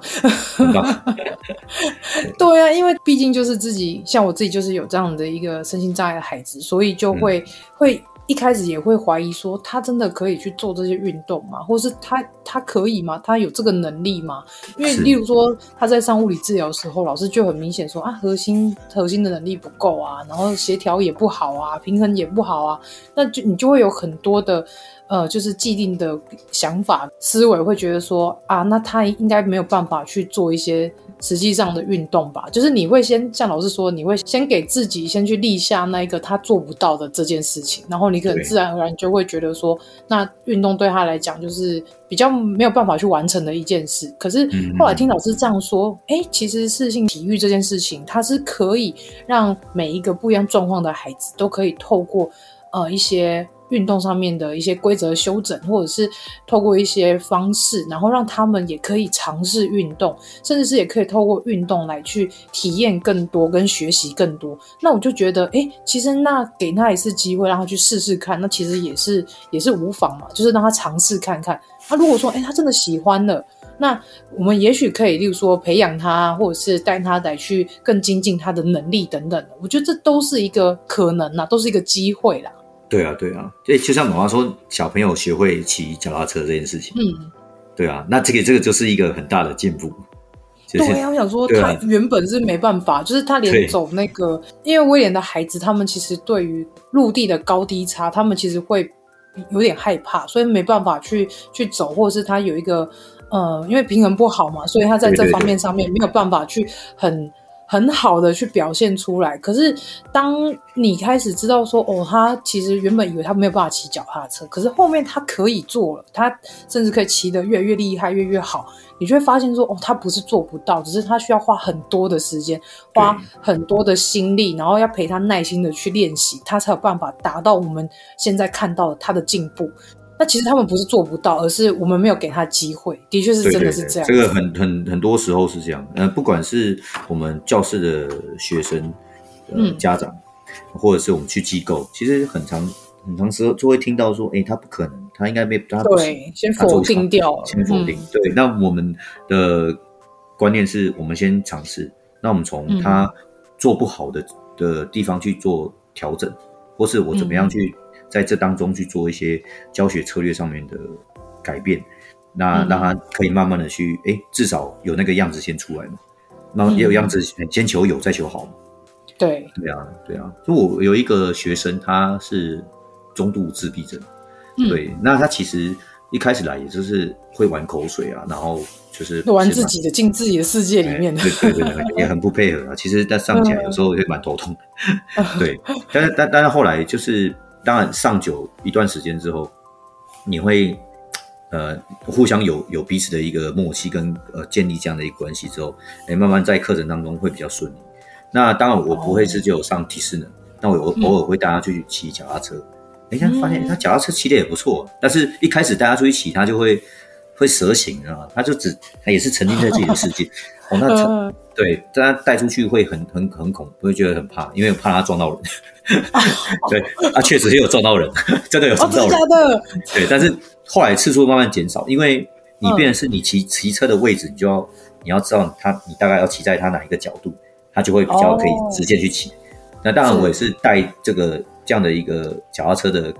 對啊，因為畢竟就是自己，像我自己就是有這樣的一個身心障礙的孩子，所以就會、嗯、會一開始也會懷疑說，他真的可以去做這些運動嗎？或是他他可以嗎？他有這個能力嗎？因為例如說他在上物理治療的時候，老師就很明顯說啊，核心核心的能力不夠啊，然後協調也不好啊，平衡也不好啊，那就你就會有很多的。呃，就是既定的想法思維會覺得說啊，那他應該沒有辦法去做一些實際上的運動吧？就是你會先像老師說，你會先給自己先去立下那一個他做不到的這件事情，然後你可能自然而然就會覺得說，對那運動對他來講就是比較沒有辦法去完成的一件事。可是後來聽老師這樣說，哎、嗯嗯，其實適性體育這件事情，它是可以讓每一個不一樣狀況的孩子都可以透過呃一些。運動上面的一些規則修整，或者是透過一些方式，然後讓他們也可以嘗試運動，甚至是也可以透過運動來去體驗更多、跟學習更多。那我就覺得，誒，其實那給他一次機會，讓他去試試看，那其實也是也是無妨嘛，就是讓他嘗試看看。他、啊、如果說，誒，他真的喜歡了，那我們也許可以，例如說培養他，或者是帶他來去更精進他的能力等等的。我覺得這都是一個可能啦，都是一個機會啦。對啊，對啊，對，就像老話說，小朋友學會騎腳踏車這件事情，嗯，對啊，那這個這個就是一個很大的進步。就是、對呀、啊，我想說、啊、他原本是沒辦法，就是他連走那個，對因為威廉的孩子他們其實對於陸地的高低差，他們其實會有點害怕，所以沒辦法去去走，或者是他有一個呃，因為平衡不好嘛，所以他在這方面上面對對對沒有辦法去很。很好的去表現出來，可是當你開始知道說，哦，他其實原本以為他沒有辦法騎腳踏車，可是後面他可以做了，他甚至可以騎得越來越厲害，越來越好，你就會發現說，哦，他不是做不到，只是他需要花很多的時間，花很多的心力，然後要陪他耐心的去練習，他才有辦法達到我們現在看到的他的進步。那其實他們不是做不到，而是我們沒有給他機會。的確是真的是這樣，對對對，這個很很很多時候是這樣。嗯、呃，不管是我們教室的學生，呃、嗯，家長，或者是我們去機構，其實很常很常時候就會聽到說，誒、欸，他不可能，他應該沒，他不行對，先否定掉，先否定。嗯、對，那我們的觀念是我們先嘗試，那我們從他做不好的的地方去做調整，或是我怎麼樣去。嗯在這當中去做一些教學策略上面的改變，那讓他可以慢慢的去，嗯欸、至少有那個樣子先出來嘛。那也有樣子先、嗯欸，先求有再求好嘛。對，對啊，對啊。就我有一個學生，他是中度自閉症，嗯、對，那他其實一開始來也就是會玩口水啊，然後就是玩自己的，進自己的世界裡面，對，對對對，也很 很不配合啊。其實他上起來有時候也蠻頭痛，嗯、對，但但但是後來就是。當然，上久一段時間之後，你會，呃，互相有有彼此的一個默契跟呃建立這樣的一個關係之後，誒、欸、慢慢在課程當中會比較順利。那當然，我不會是只有上體適能，那、嗯、我偶爾會帶他去騎腳踏車。哎、嗯欸，他發現他腳踏車騎得也不錯，嗯、但是一開始帶他出去騎，他就會。會蛇行啊，他就只他也是沉浸在自己的世界 哦。那成對，但他帶出去會很很很恐，會覺得很怕，因為怕他撞到人。 對，他、啊、確實是有撞到人， 真的有撞到人。哦、真的？對，但是後來次數慢慢減少，因為你變成是你騎、嗯、騎車的位置，你就要你要知道他，你大概要騎在它哪一個角度，它就會比較可以直接去騎。哦、那當然，我也是帶這個這樣的一個腳踏車的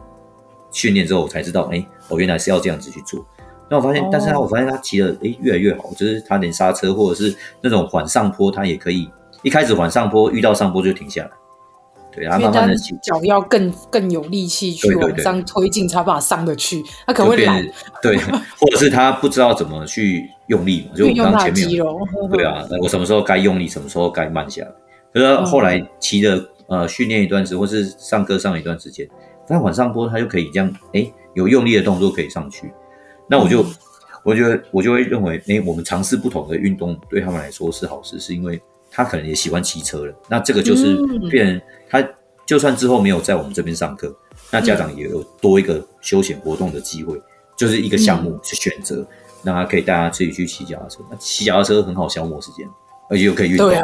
訓練之後，我才知道，哎，我、哦、原來是要這樣子去做。那我發現，oh. 但是他我發現他騎的哎，越來越好，就是他連剎車或者是那種緩上坡，他也可以，一開始緩上坡，遇到上坡就停下來。對，他慢慢的騎，因為他腳要更更有力氣去對對對，往上推進，才把上得去。他可能會懶，對， 或者是他不知道怎麼去用力嘛，就我剛前面，對啊，我什麼時候該用力，什麼時候該慢下來。可是後來騎的、嗯、呃訓練一段時或是上課上一段時間，他緩上坡他就可以這樣，哎、欸，有用力的動作可以上去。那我就，我就我就會認為，哎、欸，我們嘗試不同的運動對他們來說是好事，是因為他可能也喜歡騎車了。那這個就是變，嗯、他就算之後沒有在我們這邊上課，那家長也有多一個休閒活動的機會，就是一個項目去選擇，那、嗯、他可以帶他自己去騎腳踏車，那騎腳踏車很好消磨時間。而且又可以運動，對啊，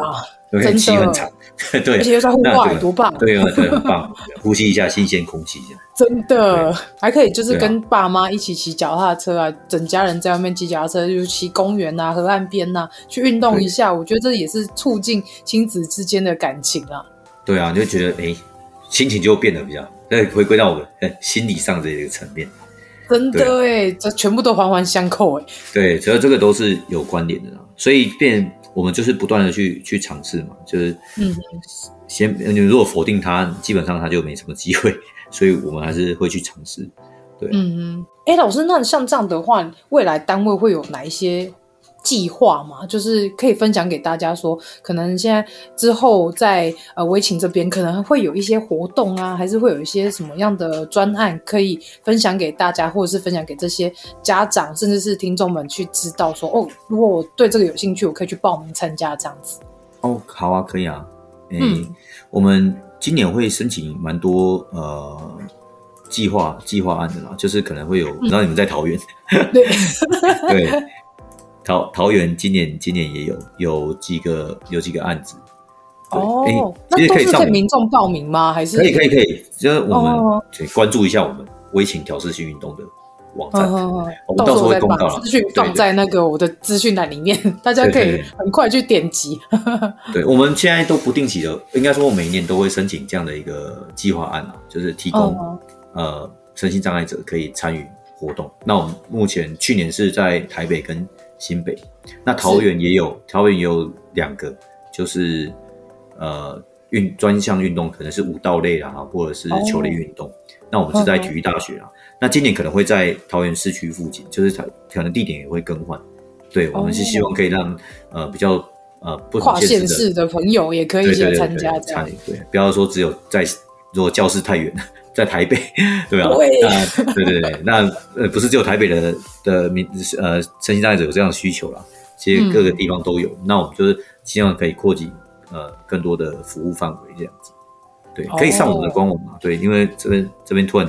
可以騎很長，對，而且又在戶外，多棒！對啊，很棒，呼吸一下新鮮空氣，這樣真的還可以，就是跟爸媽一起騎腳踏車啊，整家人在外面騎腳踏車，就騎公園啊、河岸邊啊，去運動一下。我覺得這也是促進親子之間的感情啊。對啊，你就覺得哎，心情就變得比較……那回歸到我們心理上的一個層面，真的哎，這全部都環環相扣哎。對，所以這個都是有關聯的，所以變。我們就是不斷的去去嘗試嘛，就是先，先你，嗯，如果否定它，基本上它就沒什麼機會，所以我們還是會去嘗試。對，嗯，哎，老師，那像這樣的話，未來單位會有哪一些？計劃嘛，就是可以分享給大家說，可能現在之後在呃威晴這邊可能會有一些活動啊，還是會有一些什麼樣的專案可以分享給大家，或者是分享給這些家長，甚至是聽眾們去知道說，哦，如果我對這個有興趣，我可以去報名參加這樣子。哦，好啊，可以啊，嗯，我們今年會申請蠻多呃計劃計劃案的啦，就是可能會有，然後你們在桃園，對、嗯、對。 對桃桃園今年今年也有有幾個有幾個案子哦，那、欸、其可以向民眾報名嗎？還是可以可以可以，就是我們可以關注一下我們威晴調適性運動的網站，哦哦哦、我們到時候會公告，資訊放在那個我的資訊欄裡面，大家可以很快去點擊。 對，我們現在都不定期的，應該說我們每一年都會申請這樣的一個計劃案啊，就是提供、哦、呃身心障礙者可以參與活動。那我們目前去年是在台北跟。新北，那桃園也有，是桃園也有兩個，就是呃運專項運動可能是舞蹈類啦或者是球類運動。Oh. 那我們是在體育大學啊。Oh. 那今年可能會在桃園市區附近，就是桃可能地點也會更換。對，我們是希望可以讓、oh. 呃比較呃不同縣市的朋友也可以去參加這樣對，對，不要說只有在如果教室太遠。在台北，對吧？對，呃、對對對，那呃，不是只有台北的的民呃身心障礙者，有這樣的需求啦，其實各個地方都有。嗯、那我們就是希望可以擴及呃更多的服務範圍，這樣子。對，可以上我們的官網嘛？哦、對，因為這邊這邊突然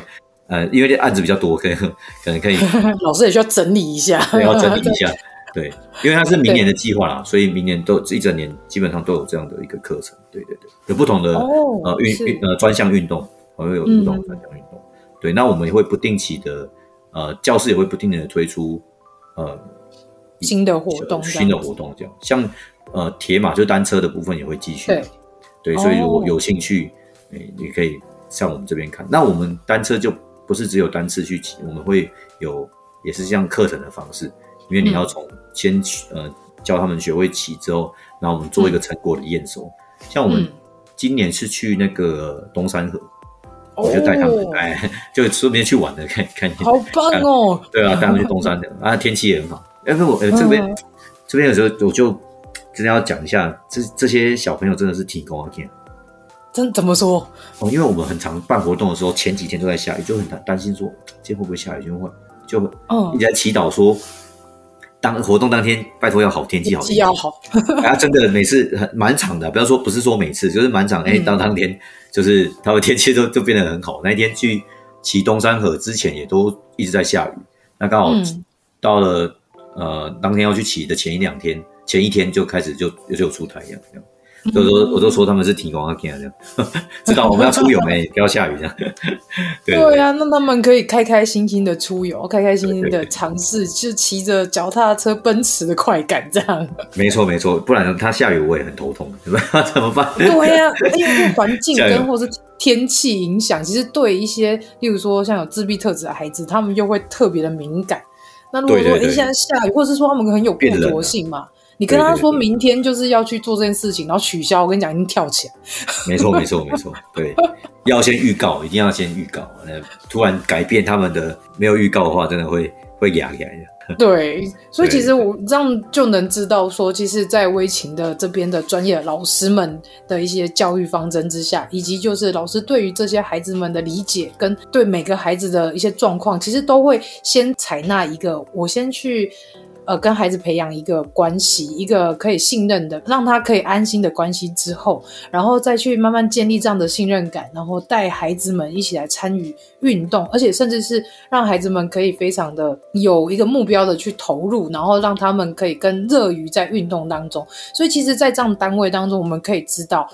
呃，因為這案子比較多，可以可能可以。老師也需要整理一下對，要整理一下。對，因為它是明年的計劃啦，對所以明年都一整年基本上都有這樣的一個課程。對對對，有不同的、哦、呃運運呃專項運動。會有運動、嗯哼、專項運動，對，那我們也會不定期的，呃，教室也會不定期的推出，呃，新的活動，新的活動這樣，像呃，鐵馬就單車的部分也會繼續，對，對，所以我有興趣，哦欸、你可以上我們這邊看。那我們單車就不是只有單次去騎，我們會有也是像課程的方式，因為你要從先去、嗯、呃教他們學會騎之後，然後我們做一個成果的驗收。嗯、像我們今年是去那個東山河。我就帶他們哎，就順便去玩的，看看好棒哦！啊對啊，帶他們去東山的棒啊，天氣也很好。哎、欸，我、欸、這邊、嗯、這邊有時候我就真的要講一下，這這些小朋友真的是體工啊！天、嗯，真怎麼說？哦，因為我們很常辦活動的時候，前幾天都在下雨，就很擔心說今天會不會下雨就，就會就嗯，一直在祈禱說。嗯當活動當天，拜託要好天氣，好天氣要好，還真的每次滿場的、啊。不要說不是說每次，就是滿場。哎，當當天就是他的天氣都就變得很好。那一天去騎東山河之前，也都一直在下雨。那剛好到了呃當天要去騎的前一兩天，前一天就開始就就出太陽這樣。我、嗯、都說我都說他們是挺有安全這樣，呵呵，知道我們要出遊沒？ 不要下雨這樣。對，對，對，對啊，那他們可以開開心心的出遊，開開心心的嘗試，對對對，就騎着腳踏車奔馳的快感這樣。對對對，沒錯沒錯，不然他下雨我也很頭痛，怎 麼怎麼辦？對啊，哎呀，環境跟雨或是天氣影響，其實對一些，例如說像有自閉特質的孩子，他們又會特別的敏感。那如果說哎、欸、現在下雨，或者是說他們很有變通性嘛？你跟他說明天就是要去做這件事情，對對對對，然後取消，我跟你講，已經跳起來。沒錯，沒錯，沒錯。對， 要先預告，一定要先預告。那突然改變他們的，沒有預告的話，真的會會啞然的。對，所以其實我對這樣就能知道說，說其實，在威晴的對這邊的專業老師們的一些教育方針之下，以及就是老師對於這些孩子們的理解跟對每個孩子的一些狀況，其實都會先採納一個，我先去。呃，跟孩子培養一個關係，一個可以信任的，讓他可以安心的關係之後，然後再去慢慢建立這樣的信任感，然後帶孩子們一起來參與運動，而且甚至是讓孩子們可以非常的有一個目標的去投入，然後讓他們可以更樂於在運動當中。所以，其實，在這樣的單位當中，我們可以知道。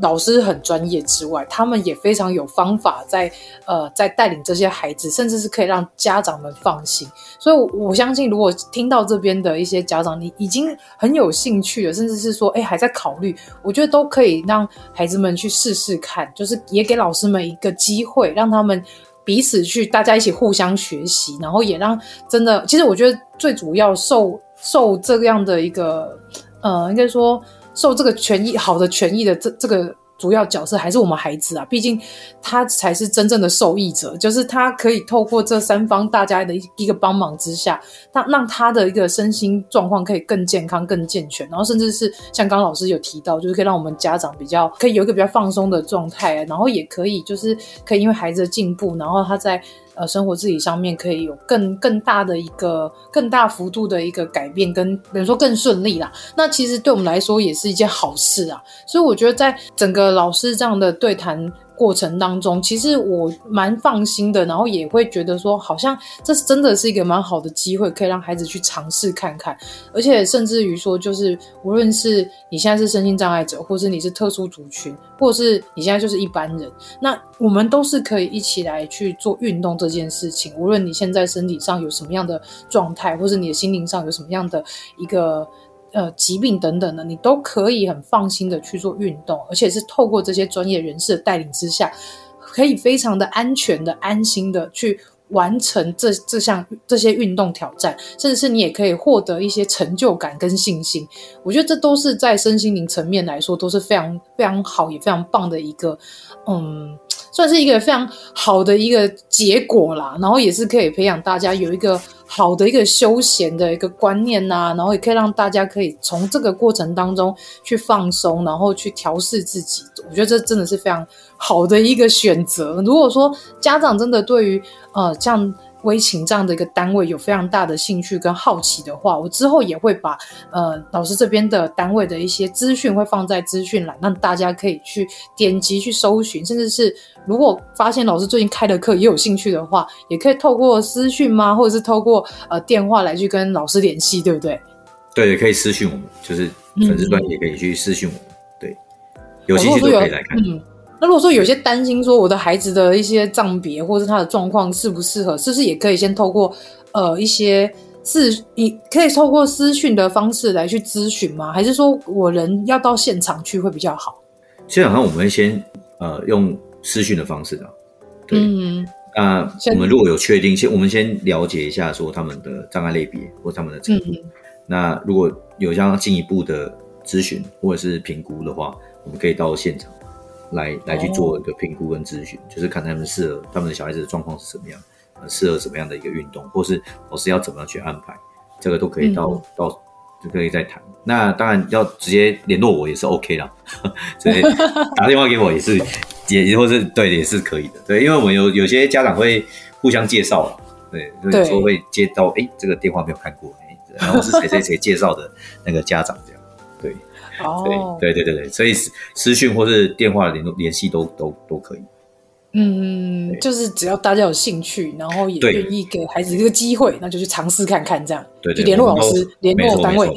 老師很專業之外，他們也非常有方法在，呃，在帶領這些孩子，甚至是可以讓家長們放心。所以我，我相信如果聽到這邊的一些家長，你已經很有興趣了，甚至是說，哎、欸，還在考慮，我覺得都可以讓孩子們去試試看，就是也給老師們一個機會，讓他們彼此去大家一起互相學習，然後也讓真的，其實我覺得最主要受受這樣的一個，呃，應該說。受這個權益好的權益的這這個主要角色還是我們孩子啊，畢竟他才是真正的受益者，就是他可以透過這三方大家的一一個幫忙之下，那讓，讓他的一個身心狀況可以更健康、更健全，然後甚至是像剛剛老師有提到，就是可以讓我們家長比較可以有一個比較放鬆的狀態，然後也可以就是可以因為孩子的進步，然後他在。呃，生活自理上面可以有更更大的一個更大幅度的一個改變，跟比如說更順利啦。那其實對我們來說也是一件好事啊。所以我覺得在整個老師這樣的對談。過程當中，其實我蠻放心的，然後也會覺得說，好像這是真的是一個蠻好的機會，可以讓孩子去嘗試看看。而且甚至於說，就是無論是你現在是身心障礙者，或是你是特殊族群，或是你現在就是一般人，那我們都是可以一起來去做運動這件事情。無論你現在身體上有什麼樣的狀態，或是你的心靈上有什麼樣的一個。呃，疾病等等的，你都可以很放心的去做運動，而且是透過這些專業人士的帶領之下，可以非常的安全的、安心的去完成這這項這些運動挑戰，甚至是你也可以獲得一些成就感跟信心。我覺得這都是在身心靈層面來說都是非常非常好也非常棒的一個，嗯，算是一個非常好的一個結果啦。然後也是可以培養大家有一個好的一個休閒的一個觀念吶、啊。然後也可以讓大家可以從這個過程當中去放鬆，然後去調適自己。我覺得這真的是非常。好的一個選擇。如果說家長真的對於呃像威晴這樣的一個單位有非常大的興趣跟好奇的話，我之後也會把呃老師這邊的單位的一些資訊會放在資訊欄，讓大家可以去點擊去搜尋。甚至是如果發現老師最近開的課也有興趣的話，也可以透過私訊嗎，或者是透過呃電話來去跟老師聯繫，對不對？對，也可以私訊我們，就是粉絲團也可以去私訊我們。嗯、對，有興趣都可以來看、嗯。嗯那如果說有些擔心，說我的孩子的一些障別或是他的狀況適不適合，是不是也可以先透過，呃，一些是，你可以透過私訊的方式來去諮詢嗎？還是說我人要到現場去會比較好？現場我們先呃用私訊的方式啊，對，嗯、那我們如果有確定，先我們先了解一下說他們的障礙類別或他們的程度，嗯、那如果有想要進一步的諮詢或者是評估的話，我們可以到現場。來來去做一個評估跟諮詢，oh. 就是看他們適合他們的小孩子的狀況是什麼樣，適合什麼樣的一個運動，或是老師要怎麼樣去安排，這個都可以到、嗯、到就可以再談。那當然要直接聯絡我也是 OK 啦！ 所以打電話給我也是 也或是對，也是可以的。對，因為我們有有些家長會互相介紹，對，有時候會接到哎這個電話沒有看過誒，然後是誰誰誰介紹的那個家長。 對，對對對對，所以私訊或是電話聯絡聯繫都都都可以。嗯，對就是只要大家有興趣，然後也願意給孩子一個機會，對那就去嘗試看看這樣。對，對，聯絡老師，聯絡單位，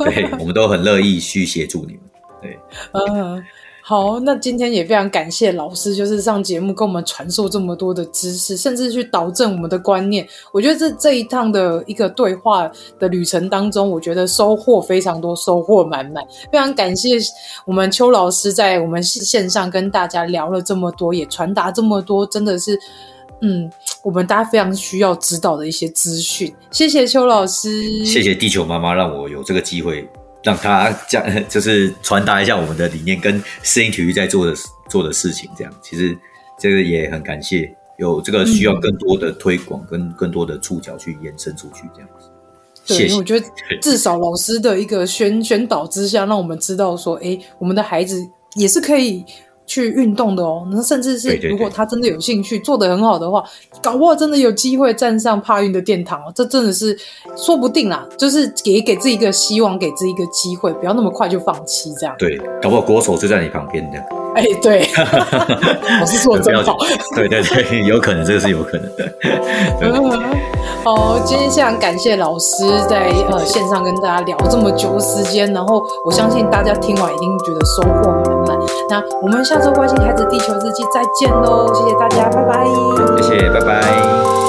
對，我們都很樂意去協助你們。對，嗯。好，那今天也非常感謝老師，就是上節目跟我們傳授這麼多的知識，甚至去導正我們的觀念。我覺得這這一趟的一個對話的旅程當中，我覺得收穫非常多，收穫滿滿。非常感謝我們邱老師在我們線上跟大家聊了這麼多，也傳達這麼多，真的是，嗯，我們大家非常需要知道的一些資訊。謝謝邱老師。謝謝地球媽媽，讓我有這個機會。讓他這樣，就是傳達一下我們的理念跟適應體育在做的做的事情，這樣。其實這個也很感謝，有這個需要更多的推廣、嗯、跟更多的觸角去延伸出去，這樣對，因為謝我覺得至少老師的一個宣宣導之下，讓我們知道說，哎，我們的孩子也是可以去運動的哦，那甚至是如果他真的有興趣，對對對做得很好的話，搞不好真的有機會站上帕運的殿堂哦，這真的是說不定啦，就是給給自己一個希望，給自己一個機會，不要那麼快就放棄這樣。對，搞不好國手就在你旁邊這樣。哎，對，老師說的真好。對。對對對，有可能 這個是有可能的。嗯 對，好，今天非常感謝老師在呃線上跟大家聊這麼久時間，然後我相信大家聽完一定覺得收穫。那我們下周《外星孩子地球日記》再見嘍，謝謝大家，拜拜。謝謝，拜拜。